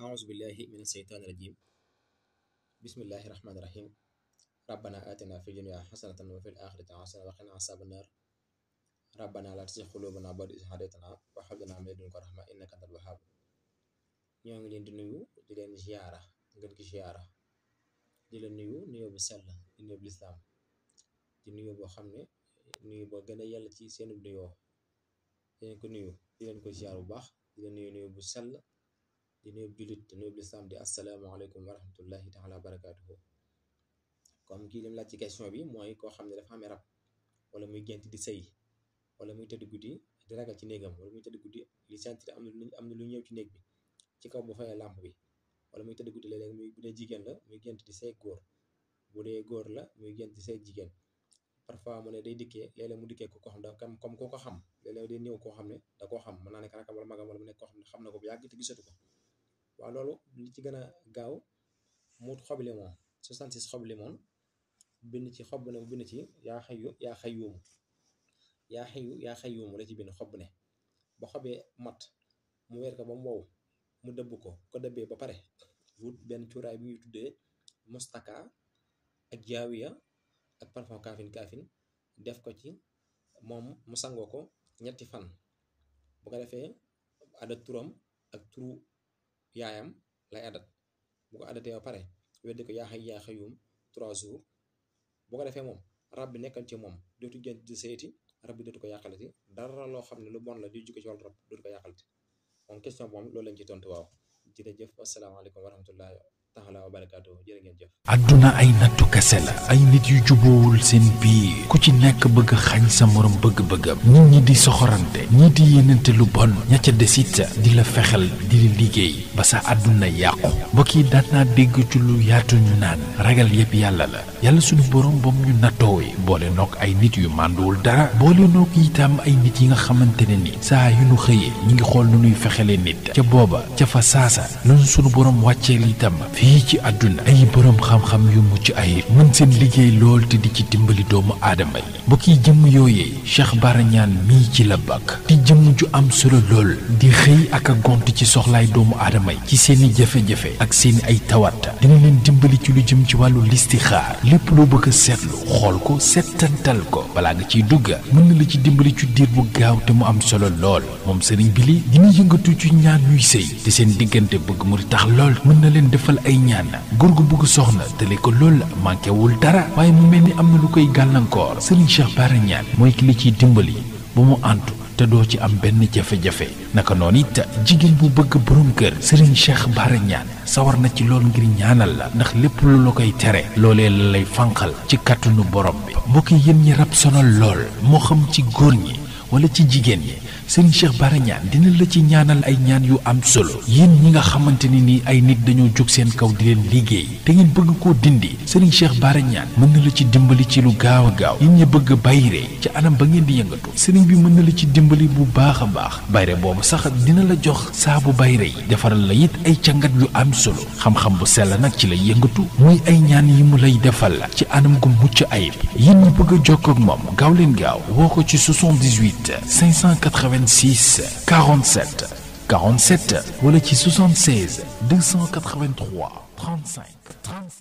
أعوذ بالله من الشيطان الرجيم بسم الله الرحمن الرحيم ربنا آتنا في الدنيا حسنة وفي الآخرة حسنة وقنا عذاب النار ربنا لا تزغ قلوبنا بعد إذ هديتنا وهب لنا من لدنك رحمة إنك أنت الوهاب ñoo ngi leen di nuyu di leen ziyaara ngeen gi ziyaara di leen nuyu nuyu bu sell di nuyu bu lislaam di nuyu boo xam ne nuyu boo gën a yàlla ci seen nuyoo di leen ko nuyu di leen ko ziyaar bu baax di leen nuyu nuyu bu sell di nuyu jullit di nuyu lislaam di asalaamaaleykum wa rahmatullahi taala wa barakaatuhu comme kii lim laaj ci question bi mooy koo xam ne dafa wala muy gént di sëy wala muy tëdd guddi di ragal ci néegam wala muy tëdd guddi li sentir am na lu am na lu ñëw ci néeg bi ci kaw bu fayee làmp bi wala muy tëdd guddi léeg-léeg muy bu dee jigéen la muy gént di sëy góor bu dee góor la muy gént di sëy jigéen parfois mu ne day dikkee léeg koo xam da comme koo ko xam ne da koo xam naa nekk rakam wala magam wala mu nekk koo xam ne xam na ko bu yàgg te gisatu ko waa loolu li ci gën a gaaw muut xob limoon 66 xob limoon bind ci xob ne mu bind ci yaa xayu yaa xayuum yaa xayu yaa ci bind xob ne ba xobee mat mu weer ko ba mu wow mu dëbb ko ko dëbbee ba pare wut benn cuuraay bi ñuy tuddee mustaka ak jaawiya ak parfum kaafin kaafin def ko ci moom mu sangoo ko ñetti fan bu ko defee ada turam ak turu yaayam lay adat bu ko adatee ba pare weddi ko yaa xay yaa xayum trois jours bu ko defee moom rab bi nekkal ci moom dootu gént di seeti rab bi dootu ko yàqalati dara loo xam ne lu bon la di jukki ci wàllu rab dootu ko yàqalati moom question bu moom loolu lañ ci tontu waaw jërëjëf asalaamaaleykum wa rahmatullahi Ya, aduna ay nattu kese ay nit yu jubóowul sen bi ku ci nek bëgg xagn sa morom bëgg-bëggam nit ñi di soxorante ñii di yenente lu bon ña ca desit di la fexel di li liggey ba sa aduna yaqku mbokk yi daan ci lu yaatu ñu naan ragal yépp yalla la yalla suñu borom bom ñu nattoowe boole nok ay nit yu mandul dara boole nok itam ay nit yi nga xamantene ni sa yu nu xëyee ñi ngi xol nu ñuy fexele nit ca boba ca fa sasa lunu suñu borom li tam fii ci àdduna ay borom xam-xam yu mucc ay mën seen liggéey lool te di ci dimbali doomu aadama yi mbokk yi jëmm yooyee Cheikh Bara Niane mii ci la te di ju am solo lool di xëy ak a gont ci soxlaay doomu aadama yi ci seeni jafe-jafe ak seeni ay tawat dina leen dimbali ci lu jëm ci wàllu listixaar lépp lu bëgg seetlu xool ko settantal ko balaa nga ciy dugga mën na la ci dimbali ci diir bu gaaw te mu am solo lool moom sëriñ bi dina yëngatu ci ñaan ñuy sëy seen diggante bëgg mu tax ay ñaan góor gu bëgg soxna tële ko lool manqué wul dara waaye mu mel ni am na lu koy gàllankoor Serigne Cheikh Bara Niane mooy ki li ciy dimbali ba mu àntu te doo ci am benn jafe-jafe naka noonu it jigéen bu bëgg borom kër Serigne Cheikh Bara Niane sawar na ci lool ngir ñaanal la ndax lépp lu la koy tere loolee la lay fànqal ci kàttanu borom bi mbokk yéen ñi rab sonal lool moo xam ci góor ñi wala ci jigéen ñi Serigne Cheikh Bara Niane dina la ci ñaanal ay ñaan yu am solo yéen ñi nga xamante ne ni ay nit dañoo jóg seen kaw di leen liggéey te ngeen bëgg koo dindi Serigne Cheikh Bara Niane mën na la ci dimbali ci lu gaaw a gaaw yéen ñi bëgg bayre ci anam ba ngeen di yëngatu Serigne bi mën na la ci dimbali bu baax a baax bayre boobu sax dina la jox saabu bayre yi defaral la it ay càngat yu am solo xam-xam bu sell nag ci lay yëngatu muy ay ñaan yi mu lay defal ci anam gu mucc ayib yéen ñi bëgg a jokkoo ak gaaw gaaw woo ko ci 78 586 47 47 76 283 35 35